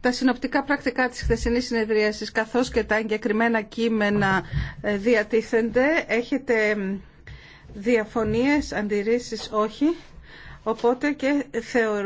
τα συνοπτικά πρακτικά της χθεσινής συνεδρίασης καθώς και τα εγκεκριμένα κείμενα ε, διατίθενται. Έχετε διαφωνίες, αντιρρήσεις, όχι. Οπότε και θεωρώ.